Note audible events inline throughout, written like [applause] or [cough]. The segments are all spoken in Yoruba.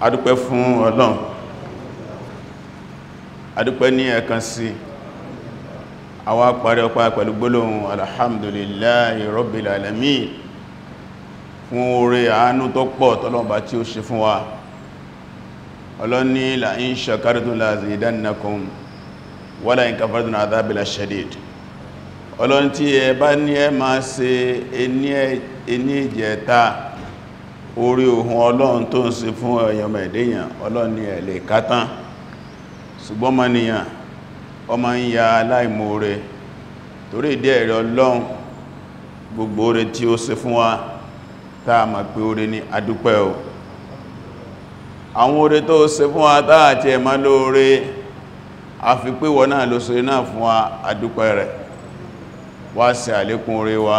adúpẹ́ fún ọlọ́run adúpẹ́ ní ẹ̀kan sí àwa parí ọpá pẹ̀lú gbólóhùn alhamdulillahi rabbil alamin fún oore àánú tó pọ̀ tọ́lọ́mbà tí ó ṣe fún wa ọlọ́ni la in shakartum la zidannakum wala in kafartum adhabil shadid ọlọ́ni tí ẹ bá ní ẹ máa ṣe ẹni ẹjẹta e orí ohun ọlọ́run tó ń ṣe fún ẹ̀yọmọ̀ ẹ̀dẹ́yàn ọlọ́run ni ẹ̀ lè kátán ṣùgbọ́n ma nìyàn ọmọ ń ya aláìmoore torí ìdí ẹ̀rẹ̀ ọlọ́run gbogbo oore tí ó ṣe fún wa táà mà pé oore ni adúpẹ́ o àwọn oore tó ṣe fún wa táà tí ẹ̀ má lóore a fi pé wọ́n náà ló ṣe náà fún wa adúpẹ́ rẹ̀ wá ṣe àlékún oore wa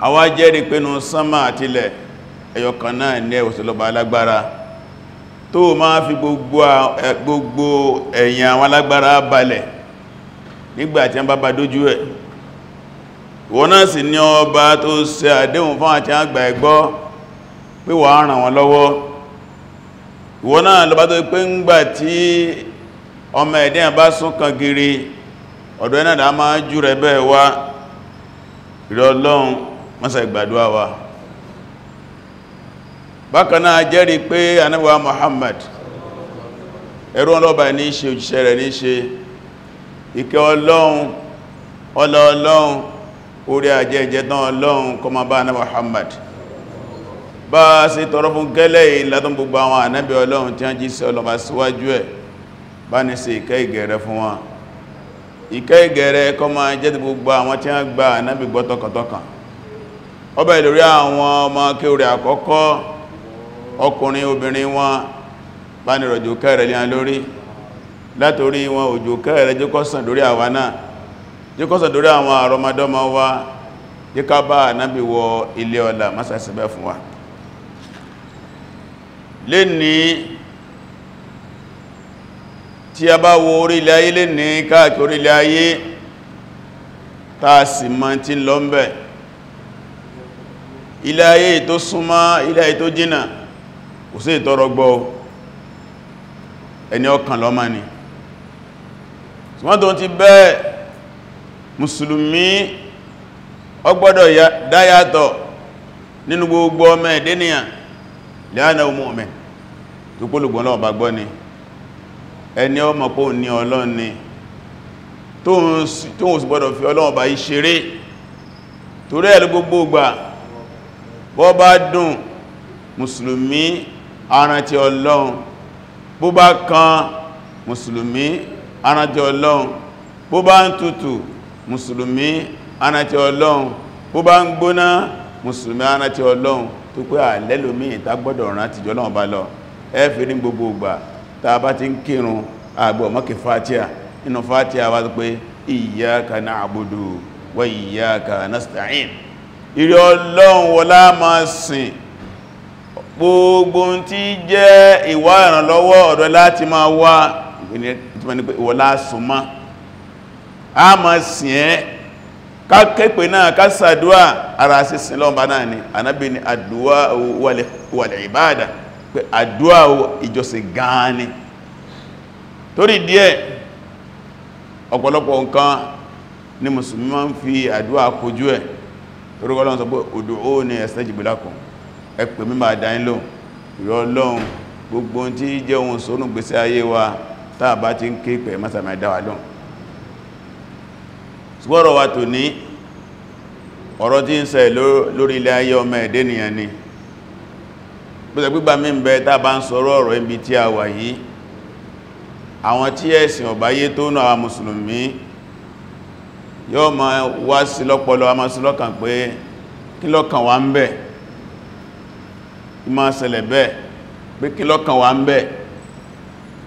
a wá jẹ́rìí pé nínú sánmà ẹyọkan náà ní ẹwọ̀sọ̀lọ́bà alágbára tó máa fi gbogbo ẹ̀yìn àwọn alágbára balẹ̀ nígbàtí wọ́n bá bá dójú ẹ̀ wọ́n náà sì ní ọba tó àdéhùn fún àti àgbà ẹgbọ́ pé wà ràn lọ́wọ́ wọ́n náà ẹ̀nàdà máa rẹ̀ bẹ́ẹ̀ mọ́sà ìgbàdúwà wa bákaná jẹ́rìí pé ànábì Muhammad ẹ̀rọ ọlọ́bà ní ṣe òjíṣẹ́ rẹ̀ ní ṣe ìkẹ́ ọlọ́run ọlọ́ ọlọ́run orí àjẹ́jẹ́ tán ọlọ́run kó bá ànábì Muhammad bá a sì tọrọ fún gẹ́lẹ̀ ìlàtún gbogbo àwọn ànábì ọlọ́run tí wọ́n jí sí ọlọ́bà síwájú ẹ̀ bá ní sí ìkẹ́ ìgẹ̀rẹ́ fún wọn ìkẹ́ ọbẹ̀ ìlórí àwọn ọmọ kéwòrè àkọ́kọ́ ọkùnrin obìnrin wọn bá ní rọ̀jò kẹrẹ lé lórí látorí wọn òjò kẹrẹ jókọ́sàn lórí àwa náà jókọ́sàn lórí àwọn àrọmọdọ́mọ wa jíká bá ànábì wọ ilé ọlá masasibẹ́ fún wa lè ní tí a bá wo orí ilẹ̀ ayé ilé ayé tó súnmọ́ ilé ayé tó jìnà kò sí ìtọrọgbọ́ ẹni ọkàn lọ́mà ni ṣùgbọ́n ti bẹ́ẹ̀ mùsùlùmí ó dáyàtọ̀ nínú gbogbo ọmọ ẹ̀dẹ́nìyàn lẹ́ánà umu'min tó pólùgbọ́n lọ́wọ́ bá gbọ́ ni ẹni ọmọ pò ní Ọlọ́run ni tó ń sì gbọ́dọ̀ fi torí ẹ̀lú gbogbo gbà bó bá dùn mùsùlùmí arántí ọlọ́run bó bá kan mùsùlùmí arántí ọlọ́run bó bá ń tutù mùsùlùmí arántí ọlọ́run bó bá ń gbóná mùsùlùmí arántí ọlọ́run tó pé àlẹ́lòmí ìta gbọ́dọ̀ bá lọ ní gbogbo ìgbà tá bá ti ń kírun àgbọ̀ fatia inú fatia wá pé ìrẹ ọlọ́run wọlá máa sìn gbogbo tí jẹ́ ìwà ìrànlọ́wọ́ ọ̀dọ̀ láti máa wá ìwọlá súnmọ́ a máa sìn ẹ́ ká kẹ́pẹ̀ náà ká sàdúwà ara sísin lọ́nbá náà ni anábì ni àdúwà wàlẹ̀ ìbáadà pé àdúwà ìjọsìn gan ni torí díẹ̀ ọ̀pọ̀lọpọ̀ nǹkan ni mùsùlùmí fi àdúwà kojú ẹ̀ orúkọ ọlọ́run sọ pé odò ó ní ẹ̀sẹ̀ jìbìlákùn ẹ pè mí máa dáyín lóhùn ìrọ̀ ọlọ́run gbogbo tí jẹ́ ohun sónú gbèsè ayé wa táà bá ti ń ké pẹ̀ mọ́sàmà ìdáwà lóhùn ṣùgbọ́rọ̀ wa tò ní ọ̀rọ̀ tí ń ṣe lórí ilẹ̀ ayé ọmọ ẹ̀dẹ́ nìyàn ni pẹ̀sẹ̀ gbígbà mí ń bẹ táà bá ń a wà yìí àwọn tí ẹ̀sìn ọ̀báyé yóò ma wá sí lọ́pọlọ a ma sí lọ́kàn pé kí lọ́kàn wà ń bẹ̀ ma ṣẹlẹ̀ bẹ́ẹ̀ pé kí lọ́kàn wà ń bẹ̀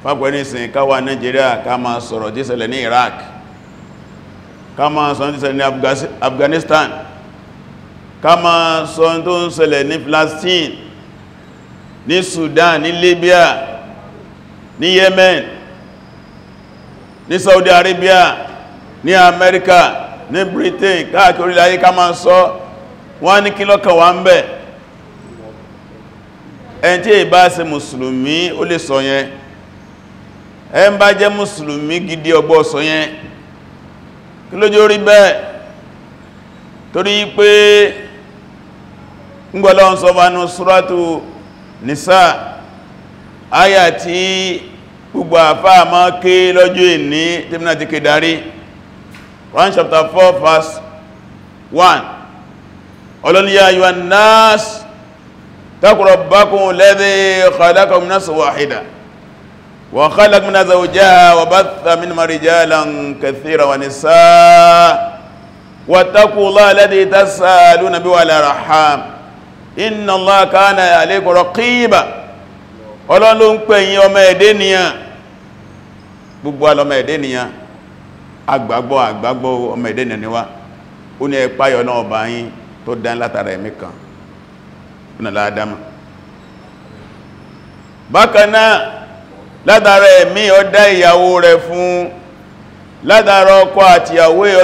fàpẹ́ nìsìn ká wà Nigeria ká ma sọ̀rọ̀ tí ṣẹlẹ̀ ní Iraq ká ma sọ̀rọ̀ tí ṣẹlẹ̀ ní Afghanistan ká ma sọ̀rọ̀ tó ń ṣẹlẹ̀ ní Palestine ní Sudan ní Libya ní Yemen ní Saudi Arabia ní Amẹ́ríkà ní Britain káàkiri láyé ká máa sọ wọ́n ní kí lọ́kàn wá ń bẹ̀ ẹn tí ìbá ó gidi ọgbọ́ sọ yẹn kí lójó rí bẹ́ẹ̀ torí pé ń gbogbo àfáà máa ké lọ́jọ́ ìní tí ti kè darí 1 chapter 4 verse 1 ọlọ́ni ya yíwa nas takura bakun lẹ́dẹ̀ khalaka min nasa wahida wa khalaka min zawjaha wa batha min marijalan kathira wa nisaa واتقوا الله الذي تسالون به والارحام ان الله كان عليكم رقيبا gbogbo alọ́mọ ẹ̀dẹ́ nìyàn agbàgbọ́ agbàgbọ́ ọmọ èdè n'aniwa ó ní ẹpáyọ̀ náà bá yín tó dán látara ẹ̀mí kan ọ̀nà ládámà bákanáà látara ẹ̀mí ọdá ìyàwó rẹ̀ fún látara ọkọ àti ìyàwó fún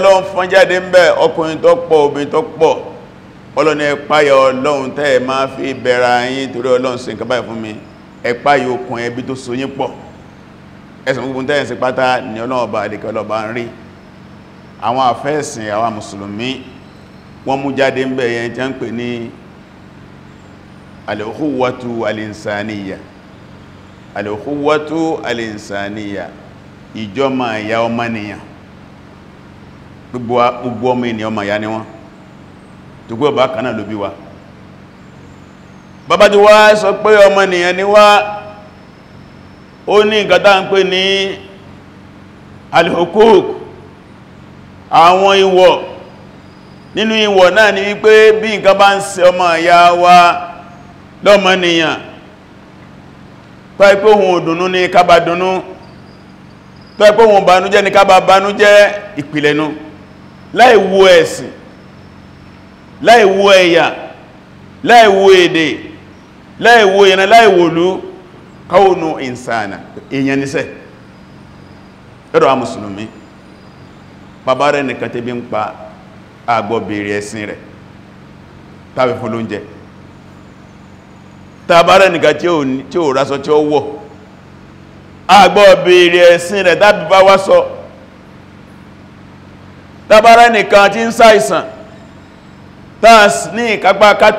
ọlọ́run fi fún mi ẹ̀sìn gbogbo tẹ́yìn sí pátá ni ọlọ́ọ̀bá àdíkẹ́ ọlọ́ọ̀bá ń rí àwọn àfẹ́ẹ̀sìn àwọn mùsùlùmí wọ́n mú jáde ń bẹ̀ yẹn jẹ́ ń pè ní al-ukhuwatu al-insaniya al-ukhuwatu al-insaniya ìjọmọ̀ ìyá ọmọnìyàn gbogbo ọmọ ènìyàn ọmọ ìyá ni wọ́n tó gbọ́ bá kanáà ló wa bàbá ti wá sọ pé ọmọnìyàn ni wá ó ní nǹkan ń pè ní alhukuk àwọn ìwọ̀ nínú ìwọ̀ náà ni wípé bí nǹkan bá ń ṣe ọmọ ìyá wa lọ́mọnìyàn pẹ́pẹ́ ohun òdùnú ní kába dùnú ohun bànújẹ́ ní kába bànújẹ́ ìpìlẹ̀nu láìwo ẹ̀sìn láìwo ẹ̀yà láìwo èdè láìwo ìran láìwòlú káwọnù ìsànà èèyàn níṣẹ́ ẹ̀rọ a mùsùlùmí bàbá rẹ̀ nìkan tẹ́bí ń pa àgbọ̀ bèèrè ẹ̀sìn rẹ̀ tàbí fún lóúnjẹ tàbá rẹ̀ nìkan tí ó rásọ tí ó wọ̀ àgbọ̀ bèèrè ẹ̀sìn rẹ̀ tàbí bá wá sọ tàbá rẹ̀ nìkan tí ń ṣàìsàn tàbí ní ìkápá ká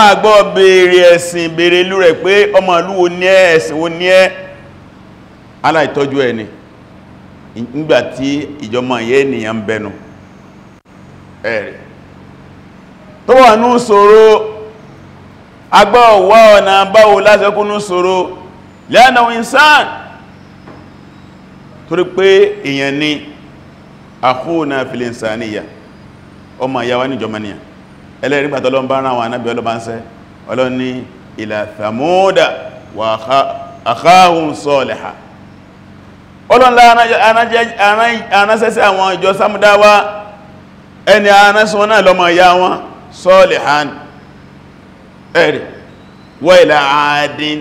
àgbọ́ bèèrè ẹ̀sìn bèèrè ìlú rẹ̀ pé ọmọ ìlú wo ní ẹ́ ẹ̀sìn wo ní ẹ́ aláìtọ́jú ẹni nígbàtí ìjọmọ yẹ́ ènìyàn ń bẹnu ẹ̀rẹ̀ tó wà ní ṣòro agbọ́ wà ọ̀nà báwo lásẹkúnú ṣòro lẹ́nà insan torí pé èèyàn ni àkóònà fìlẹ̀nsàníyà ẹlẹ́rí gbàtọ́ lọ ń bá ránwà náàbí ọlọ́bá ń sẹ́ ọlọ́ni ìlà Thamuda wà akhahum Saliha ọlọ́nlá anáṣẹ́sẹ́ àwọn ìjọ Samudawa ẹni anáṣẹ́ wọn náà lọ́mọ ya wọn Salihan ẹ̀rì wà ìlà Adin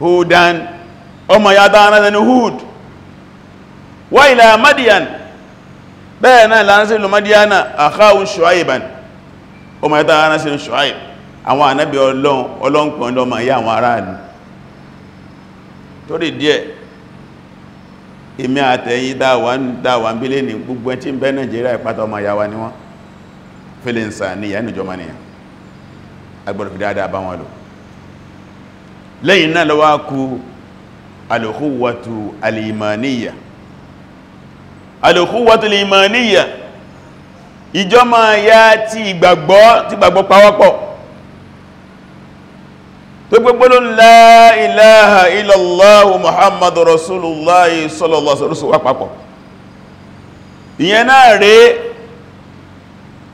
Hudan ọmọ ya ta ni Hud wà ìlà Madian bẹ́ẹ̀ náà lánàṣẹ́ ìlú madiana àkáhùn ṣùáìbàn o ma yẹta ránṣẹ́ ìlú ṣùáìb àwọn ànábì ọlọ́npọ̀ ọlọ́mà yá àwọn aráàlú torí díẹ̀ èmi àtẹ̀yìn dáwà ń bílé ní gbogbo ẹn tí ń bẹ Nàìjíríà ìpátá ọmọ yàwà ní alòkúwàtò lè mọ̀ níyà ìjọmọ̀ ya ti ìgbàgbọ́ ti gbàgbọ́ pàwọ́pọ̀ tó gbogbo la ilaha illallahu muhammadu rasulullahi sallallahu alaihi wasallam papọ̀ ìyẹn náà rẹ̀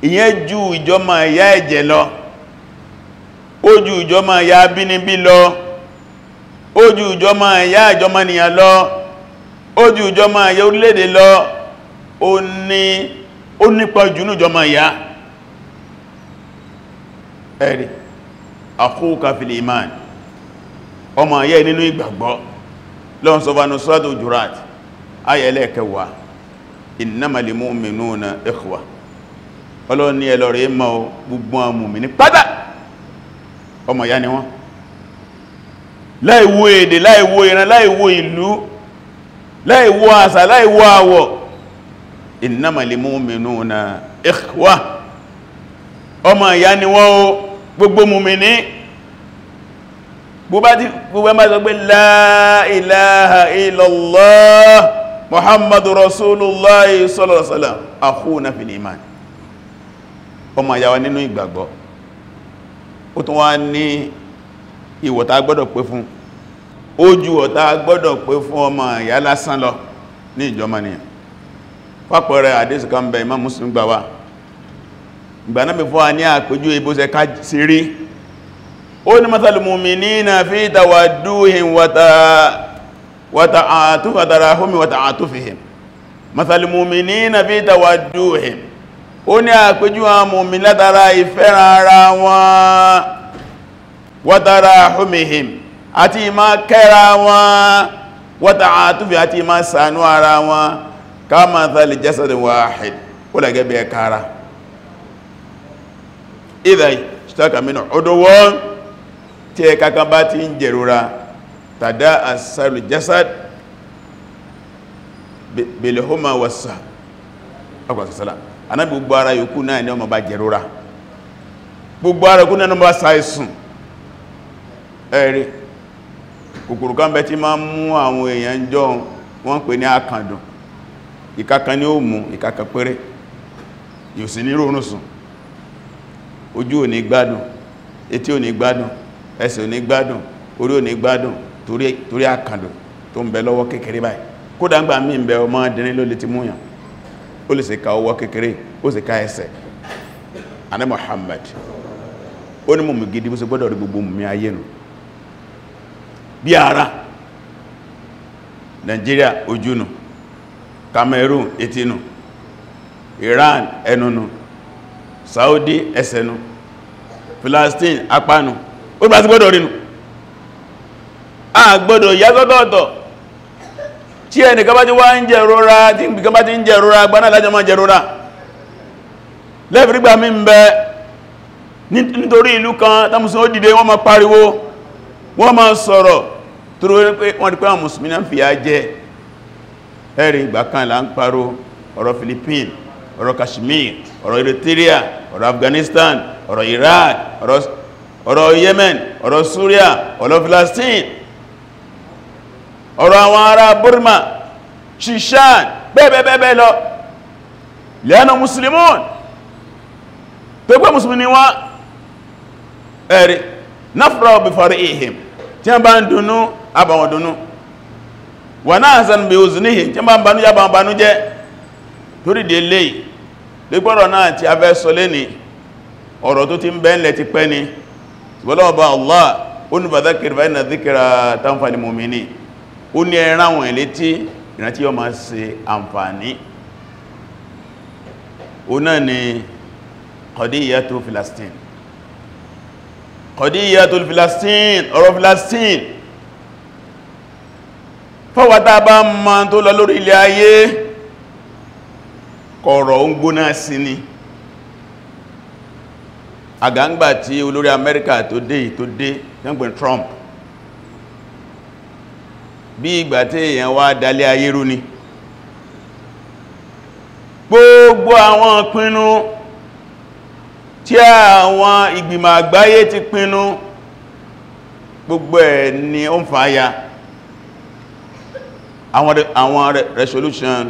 ìyẹn ju ìjọmọ̀ ya ẹ̀jẹ̀ lọ ó ju ìjọmọ̀ ya bínibí lọ ó ju ìjọmọ̀ ya ìjọmọ̀ nìyàn lọ ó ju ìjọmọ àyà orílẹ̀-èdè lọ ó nípa jù ní ìjọmọ àyà ẹ̀rì àkókà fìlì iman ọmọ àyà nínú ìgbàgbọ́ lọ́n sọfánú sọ́dọ̀ Hujurat ayà ẹlẹ́ẹ̀kẹwàá innamal mu'minuna ikhwa ọlọ́run ní ẹlọ́rẹ̀ mọ́ gbogbo àmùmí ní pátá ọmọ ìyá ni wọ́n láìwò èdè láìwò ìran láìwò ìlú láìwọ àṣà láìwọ àwọ̀ innamal mu'minuna ikhwa ọmọ ìyá ni wọ́n ó gbogbo mùmìní gbogbo ẹmà sọ pé la ilaha illallah muhammadu rasulullah sallallahu alaihi wasallam akhuna fil iman ọmọ ìyá wa ìwọ̀ta gbọ́dọ̀ pé fún ó ju ọ̀tá gbọ́dọ̀ pé fún ọmọ ìyá lásán lọ ní ìjọmọ́ ni pápọ̀rẹ̀ àdísì kan bẹ Imam Muslim gbà wá ìgbànábì fún a ní àpójú ibóṣẹ́ ká sí rí ó ní matal mu'minina fi tawadduhim wata'atufihim wata'atufihim matal mu'minina fi tawadduhim ó ní àpójú àmùmí látara ìfẹ́ràn ara wọn àti ìmá kẹ́ra wọn wata àtúfẹ́ àti ìmá sànú ara wọn káàmà tàlì jẹ́sàdì wáhìd ó lẹ́gẹ́ bí ẹkára ìdàí ṣtaka mínú ọdọ́wọ́ tí ẹ kankan bá ti ń jẹ̀rora tàdá àsàrù jẹ́sàd belehoma wasa ọkọ̀sọ̀sọ́lá anábi gbogbo ara yòókù náà náà ni ọmọ bá ṣàìsùn kòkòrò kan bẹ tí máa ń mú àwọn èèyàn jọ wọ́n pè ní àkàndùn ìkakan ni ó mú ìkakan péré yóò sì ní ròrùn sùn ojú ò ní gbádùn etí ò ní gbádùn ẹsẹ̀ ò ní gbádùn orí ò ní gbádùn torí àkàndùn tó ń bẹ lọ́wọ́ kékeré báyìí kódà Muhammad ó ní mọ̀mù gidi bó bí ara Nigeria ojúnu Cameroon etinu Iran ẹnunu Saudi ẹsẹnu Palestine apanu ó bá ti gbọ́dọ̀ rínú a gbọ́dọ̀ yásọ́tọ̀ọ̀tọ̀ tí ẹnìkan bá ti wá ń jẹrora tí nǹkan bá ti ń jẹrora gbaná lájọ máa jẹrora lẹ́fìrígbà mí ń bẹ nítorí ìlú kan tamusin ó dìde wọ́n máa pariwo wọ́n máa sọ̀rọ̀ tó rí pé wọ́n rí pé àwọn mùsùlùmí náà fìyà jẹ ẹ̀rì ìgbà kan là ń parọ́ ọ̀rọ̀ Philippines ọ̀rọ̀ Kashmir ọ̀rọ̀ Eritrea ọ̀rọ̀ Afghanistan ọ̀rọ̀ Iraq ọ̀rọ̀ Yemen ọ̀rọ̀ Syria ọ̀rọ̀ Palestine ọ̀rọ̀ àwọn ará Burma Shishan bẹ́ẹ̀bẹ́ẹ̀bẹ́ lọ lẹ́nu musulmùn tó pẹ́ musulmi ni wọ́n ẹ̀rì náfúra ọ̀bẹ̀fàrí ihim tí a bá ń dùnnú àbà wọn dúnú wà náà sàn bí òsì níhì tí ma ń banú yàbà banú jẹ́ torí dé lè lẹ́gbọ́rọ̀ náà ti a fẹ́ sọ lé ní ọ̀rọ̀ tó ti ń bẹ́ẹ̀lẹ̀ ti pẹ́ ni ṣùgbọ́lọ́ọ̀bá Allah ó ní fadhakir fa inna dhikra tanfa'ul mu'minin ó ní ẹran Filastin qadiyatu Filastin ọ̀rọ̀ Filastin fọ́wàtá bá ń ma tó lọ lórí ilé ayé kọ̀rọ̀ ń gbóná sí ni àgbàǹgbà tí olórí Amẹ́ríkà tó dé tó dé jẹ́gbẹ̀ Trump bí ìgbà tí èèyàn wá dalé ayé rú ni gbogbo àwọn pinnu tí àwọn ìgbìmọ̀ àgbáyé ti pinnu gbogbo ẹ̀ ni ó ń fàáyà àwọn resolution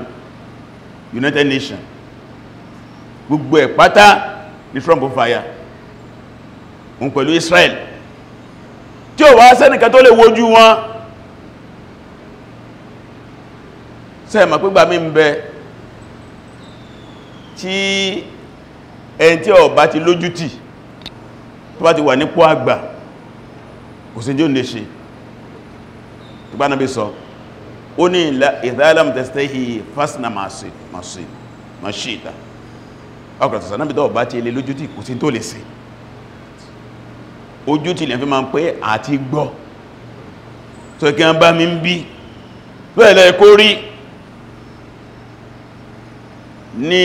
United Nations gbogbo ẹ̀ pátá ní Trump fire òun pẹ̀lú Israel tí ó wá sẹ́nìkan tó lè wojú wọn sẹ́ẹ̀mà pígbà mí ń bẹ tí ẹni tí ó bá ti lójú tì tó bá ti wà nípò àgbà kò sí jí ó lè ṣe ìgbánabí sọ so ó ní ìdálam tẹ́sítẹ́hì fásitì masíta ọkùnrin sọ̀sọ̀ náà bá ti ilé lójú tí kò sí tó lè sí ojú tí lè fi máa ń pé àti gbọ́ tó kí wọ́n bá mi ń bí bẹ́ẹ̀lẹ̀ kó rí ní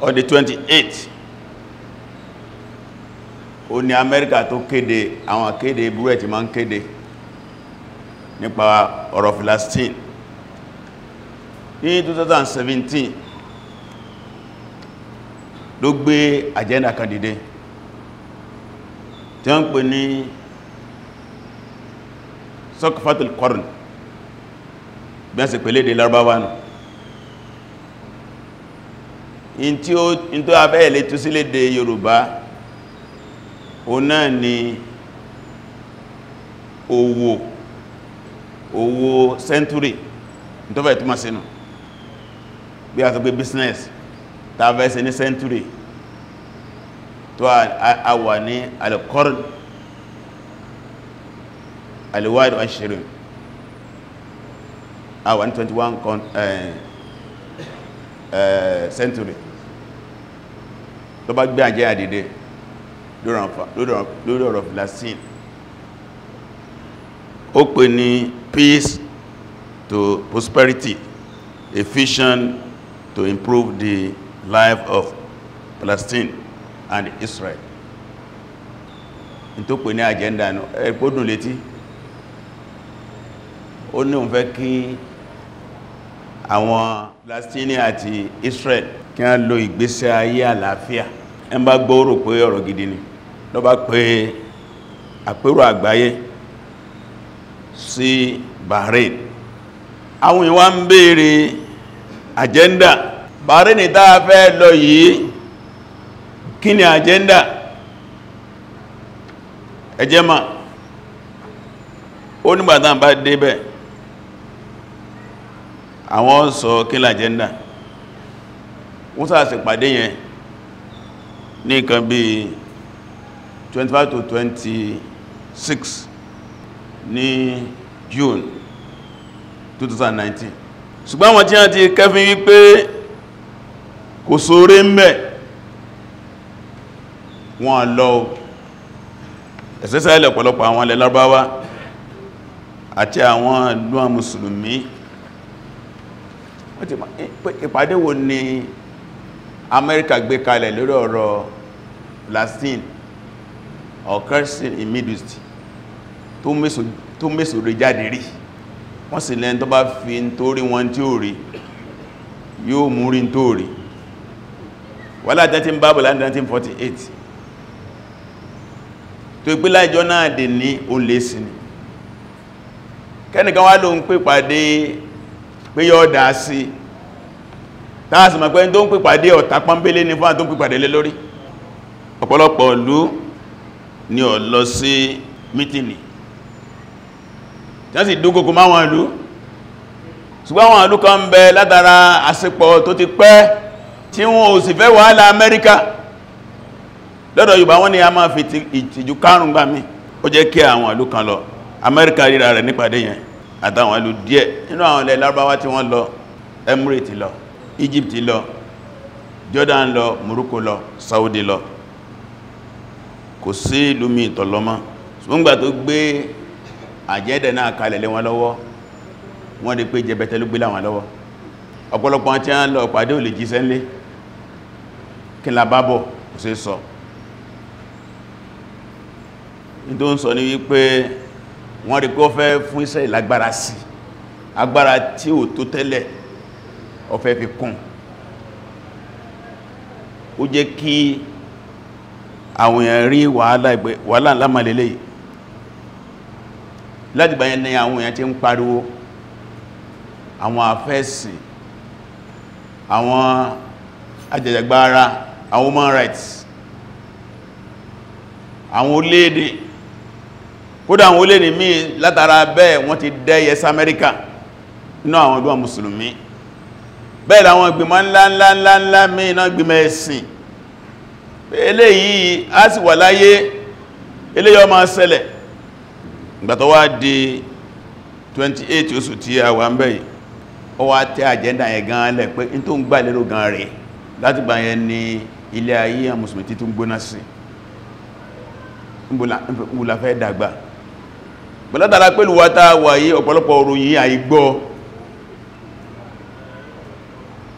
ọdí 28 ó ní Amẹ́ríkà tó kéde àwọn kéde búrẹ̀ tí ma ń kéde nípa ọ̀rọ̀ Palestine ní 2017 ló gbé agenda kan dìde tí wọ́n ń pè ní sọ́kọ̀fàtìl kọrùn bẹ́ẹ̀sì pẹ̀lẹ́ èdè Lárúbáwá nù in tí ó abẹ́ ilé tó sílé de Yorùbá o náà ni owó owó century tó fẹ́ túnmọ̀ sínú bí a sọ pé business tàbẹ́sẹ̀ ní century tó a wà ní alqarn alwáàdù ashirin a wà ní 21 con, eh, eh, century tó bá gbé àjẹ́ àdìdẹ́ lórí ọ̀rọ̀ Palestine ó pè ní peace to prosperity efficient to improve the life of Palestine and Israel tó pè ní agenda ẹgbódùn létí ó ní òun fẹ́ kí àwọn Palestine àti Israel kí wọ́n lo ìgbésẹ̀ ayé àlàáfíà ẹn bá gbọ́rò pé ọ̀rọ̀ gidi ni lọ bá pé àpérò àgbáyé sí Bahrain àwọn ìwá ń bèèrè agenda Bahrain tá a fẹ́ lọ yìí kí ni agenda ẹjẹ́ ma ó nígbàtà bá débẹ̀ àwọn sọ kí ni agenda wọ́n sáà sì pàdé yẹn ní nǹkan bí 25 to 26 ní June 2019 ṣùgbọ́n wọn tí a ti kẹfin wípé kò sóre ń bẹ̀ wọn lọ ẹ̀sẹ̀sẹ̀lẹ̀ ọ̀pọ̀lọpọ̀ àwọn ilẹ̀ Lárúbáwá àti àwọn ìlú mùsùlùmí ìpàdé wo ni Amẹ́ríkà gbé kalẹ̀ lórí ọ̀rọ̀ Palestine or Christian in Middle East tó mẹ́sò rẹ̀ jáde rí wọ́n sì lẹ́n tó bá fi ń torí wọn tí ó rí yóò mú rí tó rí wọ́lá 13 1948 tó ìpínlẹ̀ ìjọ náà dè ní òun ni kẹ́nìkan wá ló ń pè pàdé pé yọ́ dá sí táàsì mọ̀ pé tó ń pípàdé ọ̀tá pọ́nbélé ní fún àtúnpípàdé lé lórí ọ̀pọ̀lọpọ̀ ìlú ni ó lọ sí mítìnì tí wọ́n sì dúnkòkò máwọn ìlú ṣùgbọ́n àwọn ìlú kan bẹ látara àsìpọ̀ tó ti pẹ́ tí wọ́n ò sì fẹ́ wàhálà Amẹ́ríkà lọ́dọ̀ Yorùbá wọ́n ni a máa fi ìtìjú kárùn gbà mí ó jẹ́ kí àwọn ìlú kan lọ Amẹ́ríkà ríra rẹ̀ nípàdé yẹn àtàwọn ìlú díẹ̀ nínú àwọn ilẹ̀ Lárúbáwá tí wọ́n lọ Emirate lọ Egypt lọ Jordan lọ Morocco lọ Saudi lọ kò sí lómi ìtọ̀lọ́mọ́ ṣùgbọ́ngbà tó gbé àjẹ́dẹ̀ náà kalẹ̀ lé wọn lọ́wọ́ wọ́n rí pé jẹbẹtẹ ló gbé láwọn lọ́wọ́ ọ̀pọ̀lọpọ̀ tí a ń lọ pàdé ò lè jíṣẹ́ ńlé kí la bá bọ̀ kò sí sọ ní tó ń sọ ní wípé wọ́n rí pé ó fẹ́ fún iṣẹ́ ìlágbára sí agbára tí ò tó tẹ́lẹ̀ ó fẹ́ fi kún ó jẹ́ kí àwọn èèyàn rí wàhálà lámàlélẹ̀ láti báyẹ̀ ní àwọn èèyàn tí ń pariwo àwọn afẹ́sìn àwọn ajẹ̀jẹ̀gbára àwọn human rights àwọn orílẹ̀-èdè kódà àwọn orílẹ̀-èdè míì látara bẹ́ẹ̀ wọ́n ti dẹ́yẹ sí Amẹ́ríkà nínú àwọn ọdún mùsùlùmí bẹ́ẹ̀ làwọn ìgbìmọ̀ ńláńláńlá mìíràn gbìmọ̀ ẹ̀sìn eléyìí a sì wà láyé eléyìí máa ṣẹlẹ̀ ìgbà wá di 28 oṣù tí a wà ń bẹ̀ ó wá tẹ́ àjẹ́ndà yẹn gan pé in tó ń gbà lérò gan rẹ̀ láti gbà yẹn ni ilé ayé àwọn mùsùlùmí tí tún gbóná sí ìbùlà dàgbà pẹ̀lọ́tàlá pẹ̀lú wátá wà yí ọ̀pọ̀lọpọ̀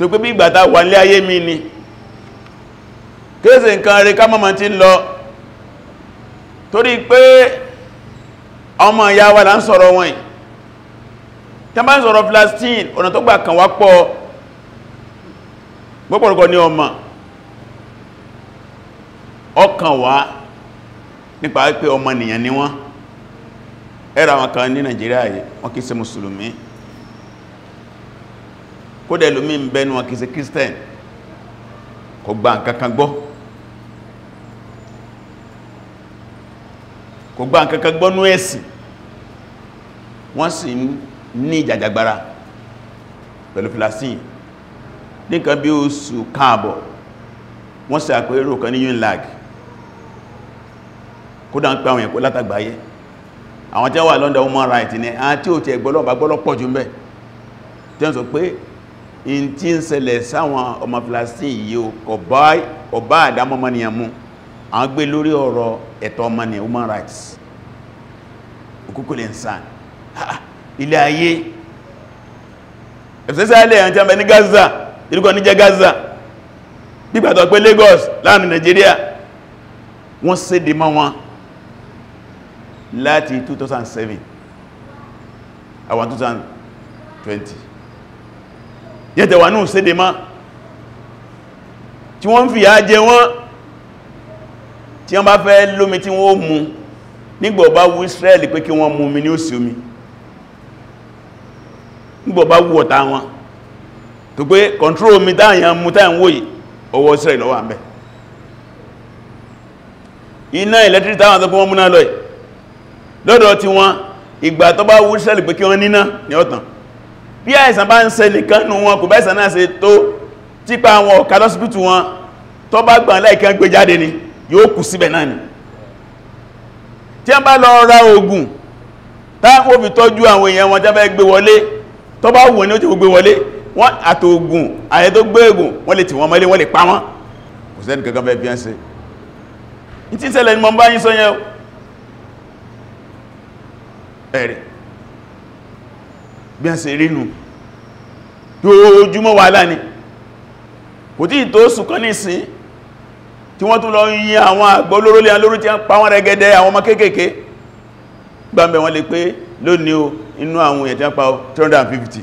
tó pé bí ìgbàta wà ní ayé mi ni kéèsì nǹkan rẹ̀ ká mọ́mọ̀ tí ń lọ torí pé ọmọ ìyá wa là ń sọ̀rọ̀ wọn yìí tẹ́ bá ń sọ̀rọ̀ Palestine ọ̀nà tó gbà kàn wá pọ̀ gbọ́pọ̀lọpọ̀ ní ọmọ ọkàn wá nípa pé ọmọ nìyàn ni wọ́n ẹ̀rà wọn kan ní Nàìjíríà yìí wọ́n kìí ṣe mùsùlùmí kódà ẹlòmí ń bẹnu wọn kìí ṣe christian kò gba nǹkankan gbọ́ kò gba nǹkankan gbọ́ ní ẹ̀sìn wọ́n sì ní ìjàjàgbara pẹ̀lú filasín ní nǹkan bí oṣù káàbọ̀ wọ́n sì àpérò kan ní UNILAG kódà ń pẹ àwọn ẹ̀kọ́ látàgbáyé àwọn tí wà London human rights ni àti òtẹ̀ ìgbọ́lọ́pàá gbọ́lọ́pọ̀ jù mẹ́ tí wọ́n sọ pé in tí ń ṣẹlẹ̀ sáwọn ọmọ Palestine yìí kò bá àdámọ́ ọmọnìyàn mú àwọn gbé lórí ọ̀rọ̀ ẹ̀tọ́ ọmọnìyàn human rights òkúkúlẹ̀ nsàn ilé ayé ẹ̀fẹ́sẹ́sẹ́lẹ̀ àti àmì ní Gaza ìrúkọ níjẹ́ Gaza nígbàtọ̀ pé Lagos láàrin Nigeria wọ́n sédè mọ́ wọn láti 2007 àwọn 2020 yẹ́tẹ̀wà náà sédè má tí wọ́n ń fi yá jẹ wọ́n tí wọ́n bá fẹ́ lómi tí wọ́n mú nígbọ̀bá wù Israeli pé kí wọ́n mú mi ní òsì omi nígbọ̀bá wù ọ̀tá wọn tó pé control omi táyàn mú táyàn wòyí ọwọ́ Israeli lọ́wọ́ àmẹ́ iná electric táwọn tó kún wọ́n múná lọ́ẹ̀ lọ́dọ̀ tí wọ́n ìgbà tó bá wù Israeli pé kí wọ́n níná ní ọ̀tàn bí àìsàn bá ń ṣe nìkan nù wọn kò bẹ́sàn náà ṣe tó típa àwọn ọ̀ká lọ́sìpítù wọn tó bá gbọ́n láìkan gbé jáde ni yóò kù síbẹ̀ náà ni tí a bá lọ ra oògùn táwọn fi tọ́jú àwọn èèyàn wọn jábẹ́ gbé wọlé tó bá wù ní ó ti gbé wọlé wọ́n àtògùn àyẹ tó gbé oògùn wọ́n lè tì wọ́n mọ́lé wọ́n lè pa wọ́n kò sẹ́ni kankan fẹ́ bí ẹ́ ṣe ìtí ìṣẹ̀lẹ̀ ni bí a ṣe rínú ojúmọ́ wà láni kò tí tó sùkọ́ nìsín tí wọ́n tún lọ yí àwọn àgbọ́ olóró lé alóró tí a ń pa wọ́n rẹ̀gẹ́dẹ́ àwọn ọmọ kéékèèké gbàmbẹ̀ wọ́n lè pé lónìí o inú àwọn èyàn tí a pa 350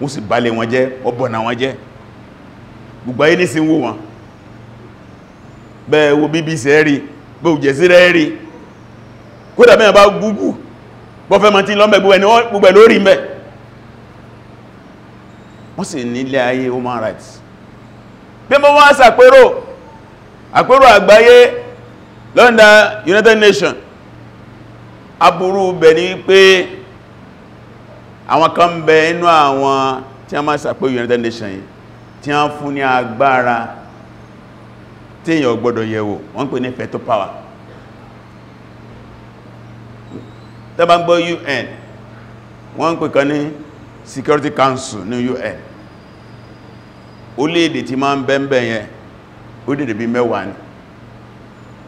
wọ́n sì balẹ̀ wọn jẹ́ ọbọ̀nà wọn jẹ́ gbogbo ayé nìsín wò wọn bẹ́ẹ̀ wo BBC rí bẹ́ẹ̀ òjẹ̀sí rẹ̀ kódà mẹ́rin bọ́fẹ́ mọ̀ tí lọ́mẹ́ gbogbo ẹ̀ lórí mẹ́ wọ́n sì nílé ayé human rights bí mọ́ wọ́n sàpérò àpérò àgbáyé London United Nations aburú bẹ̀ ní pé àwọn kan bẹ inú àwọn tí a máa sàpérò United Nations yìí tí a fún ní agbára tí èyàn gbọ́dọ̀ yẹ̀wò wọ́n pè ní veto power tó bá ń gbọ́ UN wọ́n ń pè kan ní Security Council ní UN orílẹ̀-èdè tí máa ń bẹ́m̀bẹ̀ yẹn orílẹ̀-èdè bí mẹ́wàá ni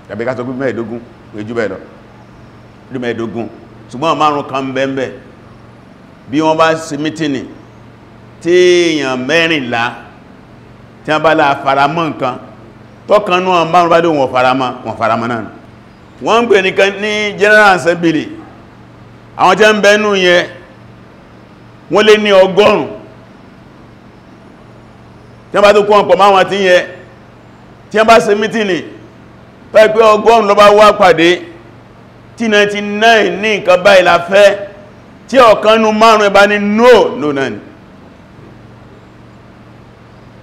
tàbí ká sọ pé mẹ́ẹ̀dógún ojú bẹ́ẹ̀ lọ orí mẹ́ẹ̀dógún ṣùgbọ́n márùn kan bẹ́m̀bẹ̀ bí wọ́n bá ṣe mítìnì tí èèyàn mẹ́rìnlá tí wọ́n bá láà faramọ́ nǹkan tọ́kanú àwọn márùn bá lóòwọ̀n faramọ́ náà wọ́n ń pè nìkan ní General Assembly àwọn tẹ́ ń bẹnú yẹn wọ́n lé ní ọgọ́rùn tí wọ́n bá tó kún ọ̀pọ̀ máwọn tí yẹn tí wọ́n bá ṣe mítìnì pẹ́pẹ́ ọgọ́rùn lọ bá wá pàdé tí 99 ní nǹkan báyìí la fẹ́ tí ọ̀kanú márùn ẹba ní no no náà ni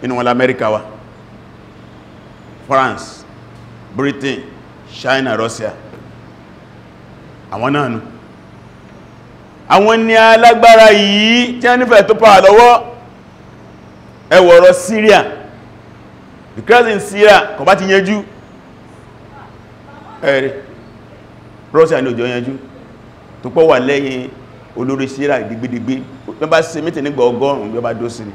inú wọn lamẹ́ríkà wà France Britain China Russia àwọn náà nù no àwọn ni alágbára yìí tí a nífẹ̀ẹ́ tó pàà lọ́wọ́ ẹwọ̀rọ̀ Syria the crisis in Syria kò bá ti yanjú ẹ̀rẹ̀ Russia ní òjò yanjú tó pọ̀ wà lẹ́yìn olórí Syria dìgbìdìgbì wọ́n bá ṣe mítì nígbà ọgọ́rùn-ún yọba dósì ni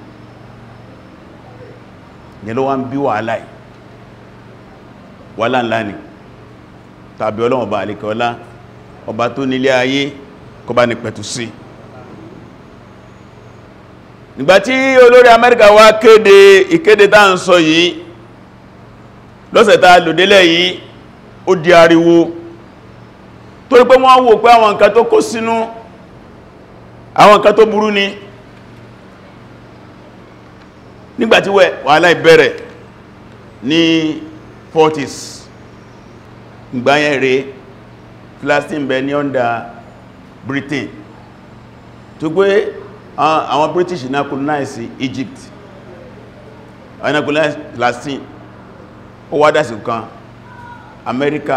yẹ ló wá ń bí wàhálà yìí wàhálà ńlá ni tàbí ọlọ́wọ̀n ọba àlèkọ́lá ọba tó nílé ayé kó bá ní pẹ̀tù sí nígbàtí olórí Amẹ́ríkà wá kéde ìkéde tá ń sọ yìí lọ́sẹ̀ tá lòdélẹ̀ yìí ó di ariwo torí pé wọ́n wò pé àwọn nǹkan tó kó sínú àwọn nǹkan tó burú ni nígbàtí wẹ́ wàhálà ìbẹ̀rẹ̀ ní 40s ìgbàyẹn rẹ̀ Palestine bẹ ní under Britain tó gbé àwọn British náà colonize Egypt àwọn náà colonize Palestine ó wá dásì kan America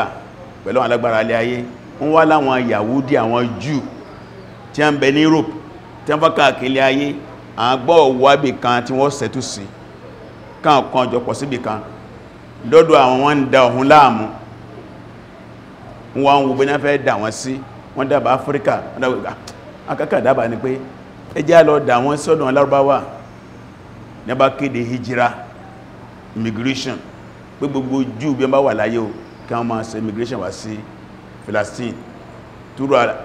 pẹ̀lú àwọn alágbára alẹ́ ayé wọ́n wá láwọn Yahudi àwọn Jew tí a ń bẹ ní Europe tí a ń fákà àkílẹ̀ ayé àgbọ́ wábì kan tí wọ́n sẹ̀tù sí kan kan jọpọ̀ síbì kan lọ́dọ̀ àwọn wọ́n ń da ọ̀hún láàmú wọ́n wọ́n gbé fẹ́ dà wọ́n sí si wọ́n dábà áfíríkà akẹ́kà dábà ní pé ah, ẹjá lọ dà wọ́n sọ́dọ̀ alárúbáwà nígbà kéde hijira immigration pé gbogbo jù bí wọ́n bá wà láyé o kí wọ́n máa ṣe immigration wá sí Palestine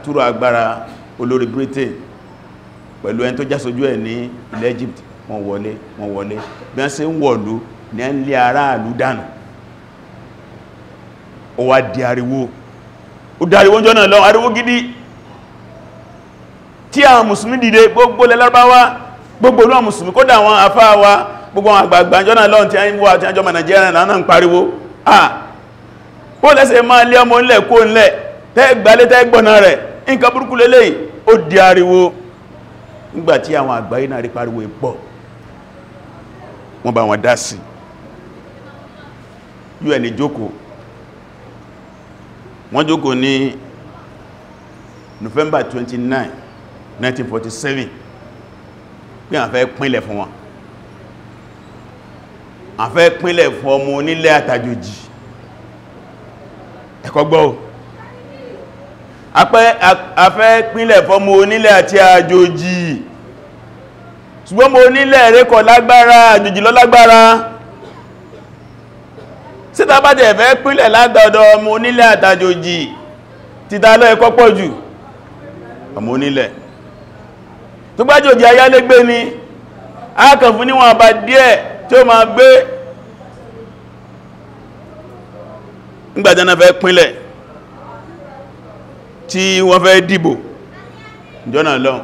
túrò agbára olórí Britain pẹ̀lú ẹni tó jásojú ẹ̀ ní ilẹ̀ Egypt wọ́n wọlé wọ́n wọlé bí wọ́n ṣe ń wọ̀lú ní ẹ̀ ń lé aráàlú dànù ó di ariwo ó dariwo jọ náà lọ ariwo gidi tí a musulmi dìde gbogbo lẹ́lárúbáwá gbogbo olúwa musulmi kó dáwọn afá wa gbogbo àwọn jọ náà lọ́n tí a ń wá àti àjọ Nàìjíríà náà pariwo ariwo náà rí wọ́n bá wọn dá wọ́n jókòó ní November 29 1947 pé a fẹ́ pínlẹ̀ fún wọn a fẹ́ pínlẹ̀ fún ọmọ onílẹ̀ àtàjòjì ẹ̀kọ́ gbọ́ a fẹ́ pínlẹ̀ fún ọmọ onílẹ̀ àti àjòjì ṣùgbọ́n mo onílẹ̀ rẹ́kọ̀ lágbára àjòjì lọ lágbára sí tàbátẹ̀ fẹ́ pínlẹ̀ látọ̀dọ̀ ọmọ onílẹ̀ àtàjòjì títà lọ ẹkọ́ pọ̀ jù ọmọ onílẹ̀ tó gbájòjì ayálégbé ni a kàn fún níwọ̀n àbá díẹ̀ tí ó máa gbé nígbàtánà fẹ́ pínlẹ̀ tí wọ́n fẹ́ dìbò jọ́nà lọ́n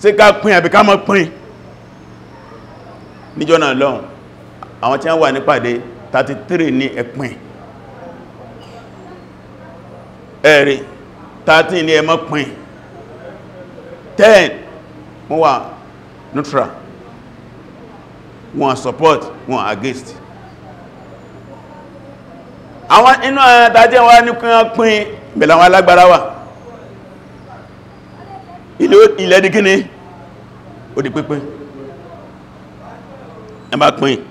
sí ká pín àbí ká má pín ní jọ́nà lọ́n àwọn tí wọ́n wà nípàdé 33 ní ẹ̀pìn ẹ̀rẹ̀ 13 ní ẹmọ́ pìn 10 wọ́n wà neutral wọ́n support wọ́n against àwọn inú àtàjẹ́ wọ́n ní kí wọ́n pín bẹ̀lẹ̀ àwọn alágbára wà ilẹ̀ di kíni ó pínpín ẹ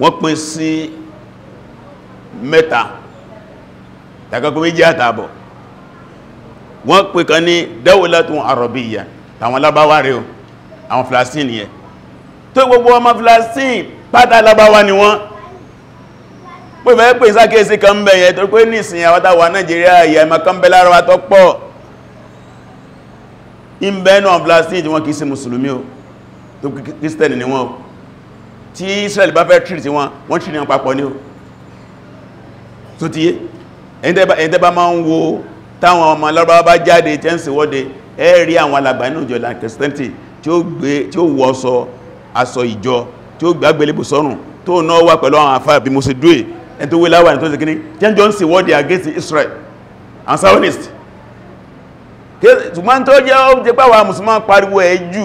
wọ́n pín sí mẹ́ta takakọ méjì àtàbọ̀ wọ́n pín kan ní dawlatun arabiyya tàwọn lábáwá rẹ̀ o àwọn Palestine yẹ tó gbogbo ọmọ Palestine pátá lábáwá ni wọ́n pè fẹ́ pè sákèsí kan ń bẹ̀yẹ tó pé nìsìn àwátàwà Nàìjíríà ìyà wa tó pọ̀ in tí Israel bá fẹ́ treat wọn wọ́n treat ní papọ̀ ní o tó ti yé ẹ̀ndẹ́bá máa ń wo táwọn ọmọ alárọ́bá bá jáde tẹ́ǹsì wọ́de ẹ̀rí àwọn alàgbà inú ìjọ ìlànà kìrìsìtẹ́ntì tí ó wọ́ sọ aṣọ ìjọ tí ó gbàgbé lébù sọ́rùn tó náà wà pẹ̀lú àwọn àfáà bí mo sì dúè ẹni tó wé láwà ní tó sì kíní jẹ́jọ́ ń sì wọ́de against Israel and Zionist ṣùgbọ́n tó jẹ́ ó jẹ́ pàwà mùsùlùmí pariwo ẹ̀ jù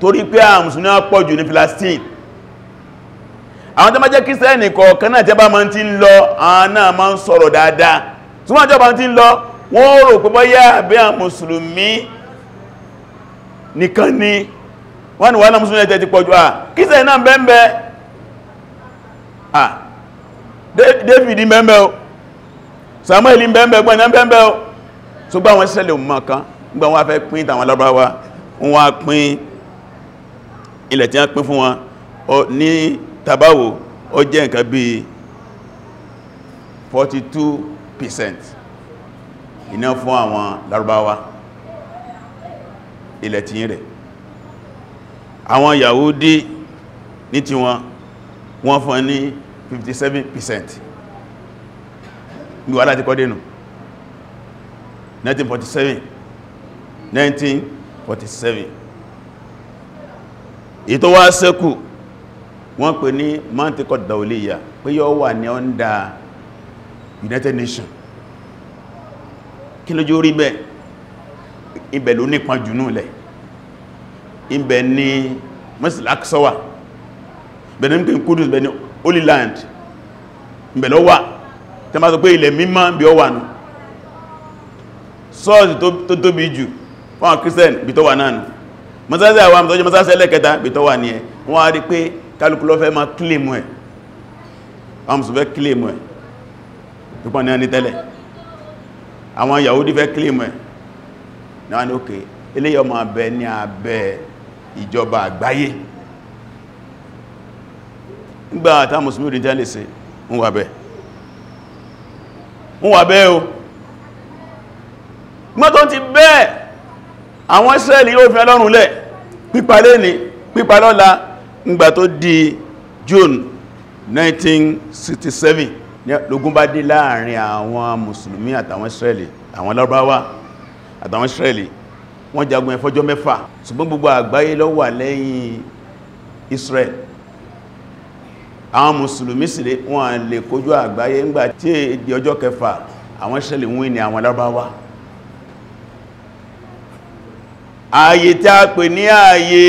torí pé àwọn mùsùlùmí pọ̀ jù ní Palestine àwọn tó má jẹ́ kírísítẹ́nì kọ̀ọ̀kan náà tẹ́ bá máa ti ń lọ àwọn náà máa ń sọ̀rọ̀ dáadáa tí wọ́n jọba ti ń lọ wọ́n rò pé bọ́yá àbí àwọn mùsùlùmí nìkan ni wọ́n ni wọ́n náà mùsùlùmí ẹ̀tẹ́ ti pọ̀jù à kírísítẹ́nì náà bẹ́ẹ̀bẹ́ à David bẹ́ẹ̀bẹ́ o Samuel o tó gbá wọn sẹ́lẹ̀ òmùmọ̀ kan gbọ́n wọ́n fẹ́ pín tàwọn alábáwá wọ́n pín ilẹ̀ tí wọ́n pín fún wọn ní tàbáwò ó jẹ́ nǹkan bí 42% iná fún àwọn Lárúbáwá ilẹ̀ tí rẹ̀ àwọn Yahudi ní tí wọn wọ́n fún ní 57% ní wà láti kọ́ dénú 1947 1947 ètò wá sẹ́kù 1947 wọ́n pè ní mantikọ̀ dauliya pé yóò wà ní ọ́ndà United Nations kí ló jó rí bẹ́ ibẹ̀ ló nípa jùnú lẹ̀ ibẹ̀ ni Masjid al benin king Kudus benin Holy Land ibẹ̀ ló wà tẹ́ máa sọ pé ilẹ̀ mímọ́ bí ó wà nù sọ́ọ̀sì tó tóbi jù fún àwọn Christian bí tó wà náà nù masáṣẹ́ àwọn àmì tó jẹ́ masáṣẹ́ lẹ́kẹta bí tó wà ní ẹ wọ́n á rí pé kálùkù lọ́fẹ́ ma kílèmù ẹ̀ ọmọ fẹ́ kílèmù ẹ̀ púpọ̀ ní ẹni tẹ́lẹ̀ àwọn Yahudi fẹ́ kílèmù ẹ̀ náà ni ókè eléyọ ma bẹ ní abẹ́ ìjọba àgbáyé nígbà àtà musulmi rí tẹ́lẹ̀ sí ń wà bẹ́ ń wà bẹ́ o mọ́tọ́ ti bẹ́ẹ̀ àwọn Ísírẹ́lì yóò fi ọlọ́run lẹ̀ pípa lẹ́ni pípa lọ́la ngbà tó di June 1967 lógún bá dé láàrin àwọn mùsùlùmí àtàwọn Israeli àwọn lọ́rọ̀báwá àtàwọn Israeli wọ́n jagun ẹfọ́jọ́ mẹ́fà ṣùgbọ́n gbogbo àgbáyé ló wà lẹ́yìn Israel àwọn Muslimi sì lè wọ́n lè kojú àgbáyé ńgbà tí èdè ọjọ́ kẹfà àwọn Israeli wọ́n ní àwọn lọ́rọ̀báwá ààyè tí a pè ní ààyè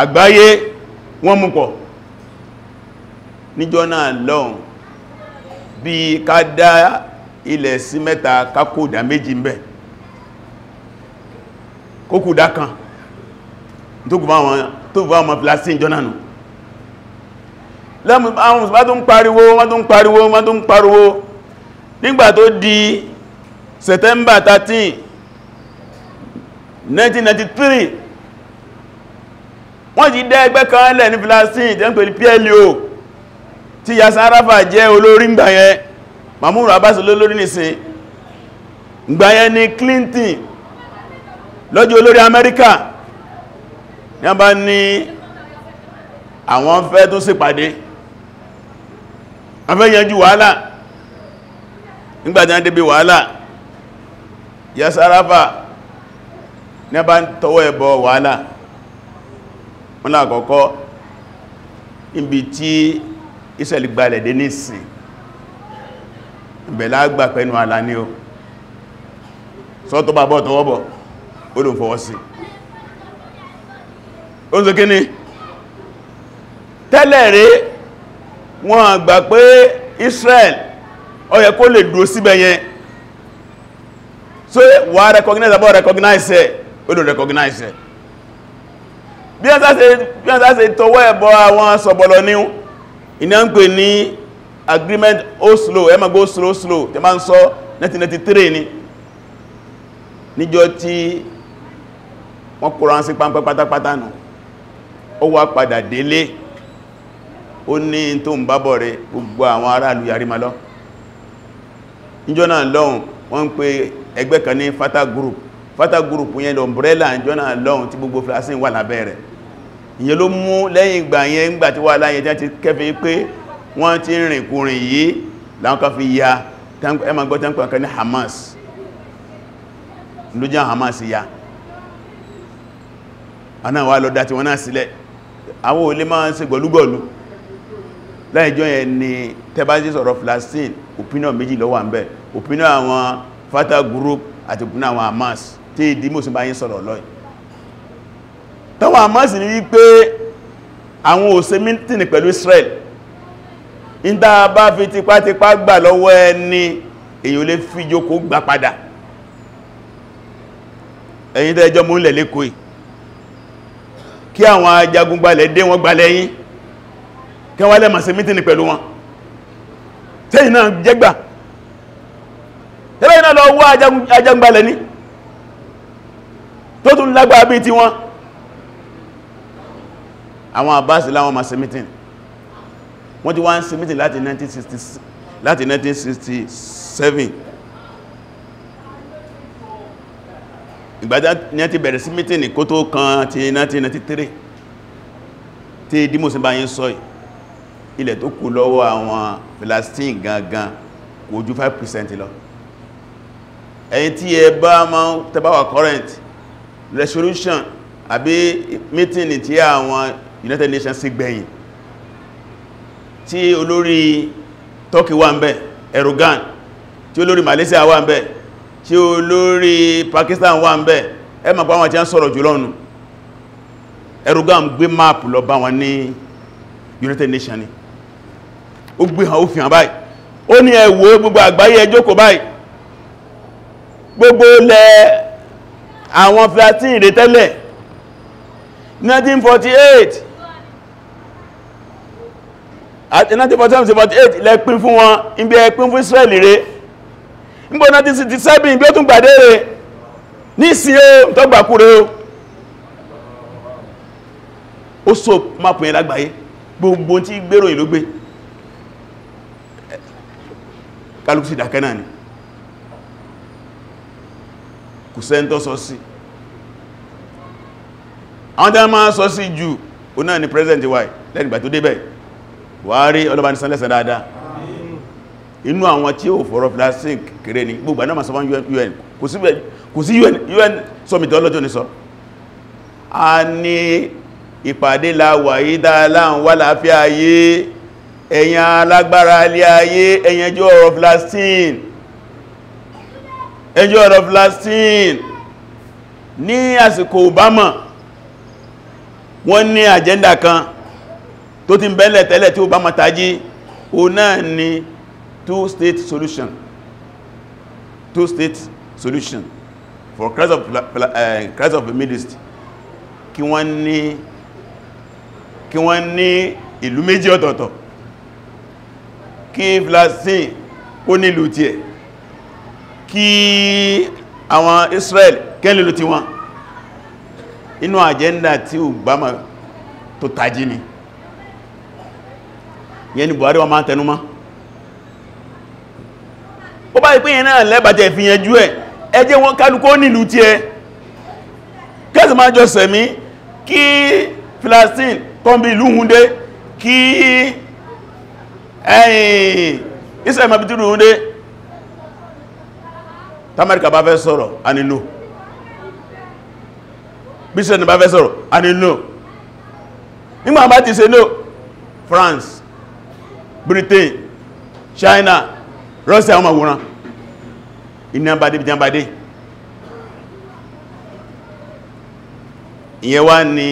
àgbáyé wọ́n mú pọ̀ níjọ́ náà lọ́hùn bí ká dá ilẹ̀ sí mẹ́ta kákòdá méjì mbẹ̀ kókùdá kan tó kùfà àwọn plasí ìjọ náà nù lẹ́mù àwọn òṣùpá tó ń pariwo wọ́n tó ń pariwo wọ́n tó ń pariwo nígbà tó di September 13 1993 wọ́n ti dẹ́ ẹgbẹ́ kan lẹ̀ ní Palestine tẹ́ ń pè ní PLO tí Yasser Arafat jẹ́ olórí ń gbàyẹn Mahmoud Abbas olórí nìsìn gbàyẹn ni Clinton lọ́jọ́ olórí Amẹ́ríkà ní a bá ní àwọn fẹ́ tó ṣèpàdé a fẹ́ yanjú wàhálà nígbàtí wọ́n débi wàhálà Yasser Arafat ní a bá tọwọ́ ẹ̀bọ̀ wàhálà wọ́n láàkọ́kọ́ níbi tí Israel gbalẹ̀ dé nísìn ìbẹ̀lá àgbà pẹ̀lú àlà ní o sọ tó bá bọ́ tọwọ́bọ̀ ó lò ń fọwọ́ sí ó ń sókè ní tẹ́lẹ̀ rí wọ́n àgbà pé Israel ó yẹ kó lè dúró síbẹ̀ yẹn so wà recognize abọ́ recognize ẹ̀ ó lò recognize ẹ̀ bí wọ́n sáṣe tọwọ́ ẹ̀bọ àwọn sọ̀bọ̀lọ̀ ní iná ń pè ní agreement Oslo ẹmà go slow slow tẹ máa ń sọ 1993 ni níjọ tí wọ́n kòrò án sí pàmpẹ́ pátápátá nù ó wá padà délé ó ní tó ń bábọ̀ rẹ̀ gbogbo àwọn aráàlú yàrí ma lọ níjọ́ náà wọ́n ń pe ẹgbẹ́ kan ní Fata Group Fata Group yẹn lọ umbrella níjọ́ náà lọ́hùn tí gbogbo flasin wà lábẹ́ rẹ̀ ìyẹn ló mú lẹ́yìn ìgbà yẹn ń gbà tí wà láyé jẹ́ ti kẹfẹ́ pé wọ́n ti rìn kùnrin yìí láwọn kan fi ya ẹmà gbọ́ tẹ́m̀kọ̀ kan ní Hamas ló jẹ́ Hamas ya aná wà lọ dá tí wọ́n náà sílẹ̀ àwọn olè máa ń ṣe gbọ̀lúgbọ̀lú láìjọ́ yẹn ni tẹbájí sọ̀rọ̀ Palestine opinion méjì ló wà ń bẹ̀ opinion àwọn Fatah group àti opinion àwọn Hamas tí ìdí mùsùn bá yín sọ̀rọ̀ lọ́yìn tọ́wọ́ àmọ́sì ní wípé àwọn òsè pẹ̀lú Israel ìdá bá fi tipátipá gbà lọ́wọ́ ẹni èyàn lè fi jókó gbà padà ẹ̀yin tẹ́jọ́ mú lẹ̀ lékòó kí àwọn ajagun gbalẹ̀ dé wọn gbalẹ̀ yín kí wọ́n lẹ́mà sí mítìnì pẹ̀lú wọn tẹ́yìn náà jẹ́gbà tẹ́lẹ̀ náà lọ wọ́ ajagun gbalẹ̀ ní tó tún lágbà bí ti wọn àwọn Abbas láwọn ma ṣe meeting wọ́n ti wá ń ṣe meeting láti 1960 láti 1967 ìgbàdá ní a ti bẹ̀rẹ̀ sí meeting kó tó kan ti 1993 tí dímọ̀síbá yí sọ ilẹ̀ tó kù lọ́wọ́ àwọn Palestine gangan kò ju 5% lọ ẹ̀yin tí ẹ bá ma tẹbáwà current resolution àbí meeting tí àwọn United Nations sí gbẹ̀yìn tí olórí Turkey wà ń bẹ̀ Erdogan tí olórí Malaysia wà ń bẹ̀ tí olórí Pakistan wà ń bẹ̀ ẹ ma pa wọn tí a ń sọ̀rọ̀ jùlọ nù gbé máàpù lọ bá wọn ní United Nations ni ó gbé hàn ó fi hàn báyìí ó ní ẹ wò gbogbo àgbáyé ẹ jókòó báyìí gbogbo lẹ àwọn 1948 àti 1947-48 lẹ́pín fún wọn ibi ẹ̀pín fún Israeli rẹ̀ nígbò 1967 ibi ó tún gbàdé rẹ̀ ní sí o tó gbàkú rẹ̀ ó so mapu yẹn lágbàáyé gbogbo tí gbèrò ìlú gbé kálùkù sí ìdàkẹ́ náà ni kò sẹ́ntọ́ sọ sí àwọn tí a máa sọ sí jù ó náà ni president wáyé lẹ́nìgbà tó débẹ̀ wàárí ọlọ́bà ní sánlẹ̀sẹ̀ dáadáa inú àwọn tí ó fọ́rọ̀ plastic kéré ní gbogbo náà sọ fún UN kò sí UN summit ọlọ́jọ́ ní sọ a ní ìpàdé láwà ìdá láàrín wà láàáfíà ayé ẹ̀yàn alágbára alẹ́ ayé ẹ̀yànjú ọ̀rọ̀ ẹjọ́ ọ̀rọ̀ plastic ní àsìkò Obama wọ́n ní àjẹ́ndà kan tó ti ń bẹ́lẹ̀ tẹ́lẹ̀ tí ó bá matají o náà ni two state solution two state solution for Christ of, uh, eh, Christ of the Middle East kí wọ́n ní kí wọ́n ní ìlú méjì ọ̀tọ̀ọ̀tọ̀ kí Palestine ó ní ìlú tiẹ̀ kí àwọn Israel kẹ́lẹ̀lú ti wọn inú agenda tí ó gbámà tó tají ni yẹn ni Buhari wọn máa tẹnumọ́ ó bá ìpín yẹn náà lẹ́bàtẹ̀ ìfìyànjú ẹ̀ ẹjẹ́ wọn kálukó nílùú tí ẹ kẹsì máa jọ sẹ̀mí kí Palestine kọ́nbí ìlú hunde kí ẹ̀yìn Israel ma bí tí hunde tamẹ́ríkà bá fẹ́ sọ̀rọ̀ a nílò bíṣẹ́ ni bá fẹ́ sọ̀rọ̀ a nílò nígbà bá ti ṣe no France Britain China Russia ọmọ àwòrán ìnàbàdé ìjàmbàdé ìyẹn wá ní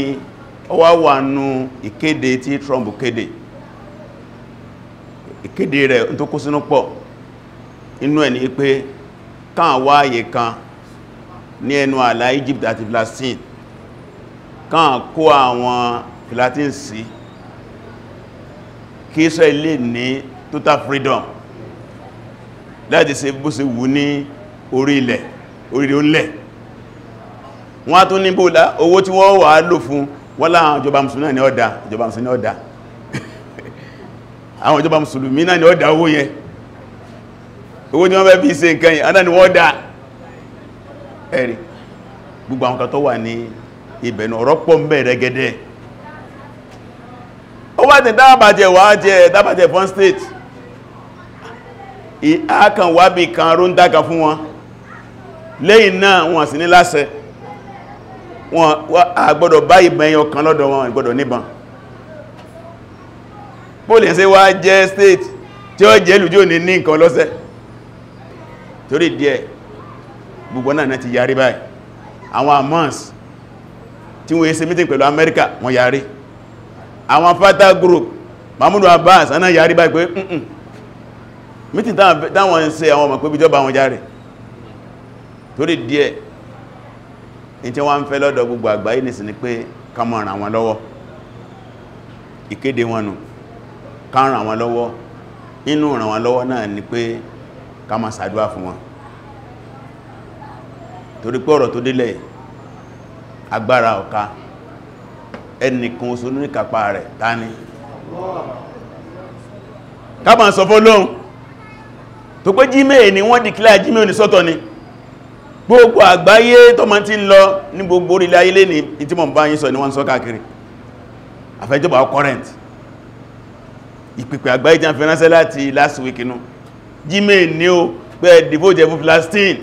ọwá wà nú ìkéde tí Trump kéde ìkéde rẹ̀ tó kó sínú pọ̀ inú ẹ̀ ní pé káà wá àyè kan ní ẹnu àlà Egypt àti Palestine káà kó àwọn Palestine sí si kí Israel lè ní total freedom láti ṣe bó ṣe wù ní orí ilẹ̀ orí orílẹ̀ wọ́n tún ní bóòlá owó tí wọ́n wà lò fún wọ́n láwọn ìjọba mùsùlùmí náà ní ọ̀dá ìjọba mùsùlùmí náà ọ̀dá [laughs] àwọn ìjọba mùsùlùmí náà ní ọ̀dá owó yẹn owó tí wọ́n fẹ́ fi ṣe nǹkan yìí adáni wọ́n dá ẹ̀rì gbogbo àwọn kan wà ní ìbẹ̀nù ọ̀rọ̀ mẹ́rẹ̀gẹ́dẹ́ ó wá ní dábàjẹ̀ wà jẹ́ dábàjẹ̀ fún state ìhákan wà bí kan ró ń dága fún wọn lẹ́yìn náà wọn sì ní láṣẹ wọn àgbọ́dọ̀ bá ìbọn ẹyọ kan lọ́dọ̀ wọn ìgbọ́dọ̀ níbọn pólì ṣe wá jẹ́ state tí ó jẹ́ lùjọ́ ní ní nǹkan lọ́sẹ̀ torí díẹ̀ gbogbo náà ti yarí báyìí àwọn amons tí wọ́n yẹ́ ṣe meeting pẹ̀lú Amẹ́ríkà wọ́n yarí àwọn fata group mahmoud abbas aná yàrí báyìí pé ǹkan mítí táwọn ń ṣe àwọn ọmọ pé bíjọba àwọn járe torí díẹ̀ in tí wọ́n ń fẹ́ gbogbo àgbáyé nìsìn ni pé ká máa lọ́wọ́ ìkéde wọn nù inu ràn lọwọ lọ́wọ́ inú ràn lọ́wọ́ náà ni pé kama máa fún ẹnìkan oṣù ní kàpá rẹ̀ tání kábà ń sọ fọ́ lóhun tó pé jímẹ̀ ni wọ́n dìkílá jímẹ̀ ní sọ́tọ̀ ni gbogbo àgbáyé tó ma ti ń lọ ní gbogbo orílẹ̀ ayé lè ní tí mọ̀ bá yí sọ ní wọ́n sọ káàkiri àfẹ́jọba current ìpìpẹ̀ àgbáyé jẹ́ fẹ́ránṣẹ́ láti last week inú jímẹ̀ ni ó pẹ́ dìbò jẹ́ fún Palestine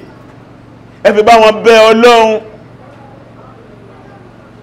ẹ fi bá wọn bẹ́ Ọlọ́run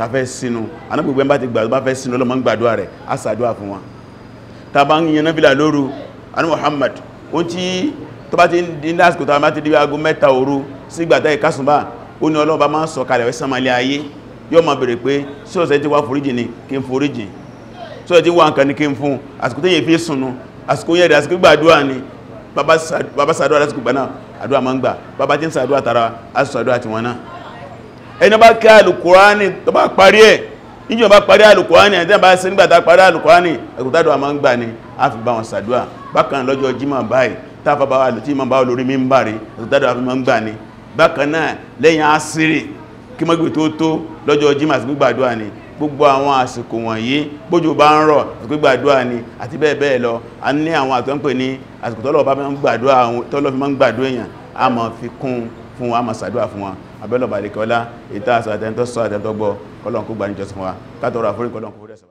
ta fẹ́ sínú anábìgbẹ́ bá ti gbà bá fẹ́ sínú ọlọ́mọ ń gbàdúwà rẹ̀ a sàdúwà fún wọn ta bá ń yan náfílà lóru anú Muhammad ó tí tó bá ti ní lásìkò tó bá ti di aago mẹ́ta òru sí gbàtà ìkásùnbà ó ní ọlọ́ba máa ń sọ kalẹ̀ wẹ́ sánmàlẹ̀ ayé yóò máa bèèrè pé sí ọ̀sẹ̀ tí wá foríjì ni kí n foríjì sí ọ̀sẹ̀ tí wá nǹkan ni kí n fún àsìkò tó fi sùnú àsìkò yẹ̀dẹ̀ àsìkò gbàdúwà ni bàbá sàdúwà lásìkò gbà náà àdúwà máa ń gbà bàbá tí ń sàdúwà tara àsìkò àdúwà tiwọn náà ẹni bá ká alùkùránì tó bá parí ẹ̀ níjọ bá parí alùkùránì àti ẹ̀bá sí nígbàtà parí alùkùránì ẹ̀kùtàdọ̀ àmá ń gbà ní a fi bá wọn sàdúà bákan lọ́jọ́ jímọ̀ báyìí tàfà bá wà lòtí ma bá olórí mímbàrí ẹ̀kùtàdọ̀ àfi ma ń gbà ní bákan náà lẹ́yìn asírì kí mọ́gbì tó tó lọ́jọ́ jímọ̀ àti gbígbàdúà ní gbogbo àwọn àsìkò wọ̀nyí bójú bá ń rọ̀ gbígbàdúà ní àti bẹ́ẹ̀ bẹ́ẹ̀ máa ń gbàdúà èèyàn a máa fi kún fún wọn a máa sàdúà fún wọn abẹ́lọ̀bà ìta àṣà àtẹ́ntọ́ sọ àtẹ́ntọ́ gbọ́ kọ́lọ̀n gbà ní jọsùn wa kátọrọ àforí kọ́lọ̀n kó rẹ̀ sọ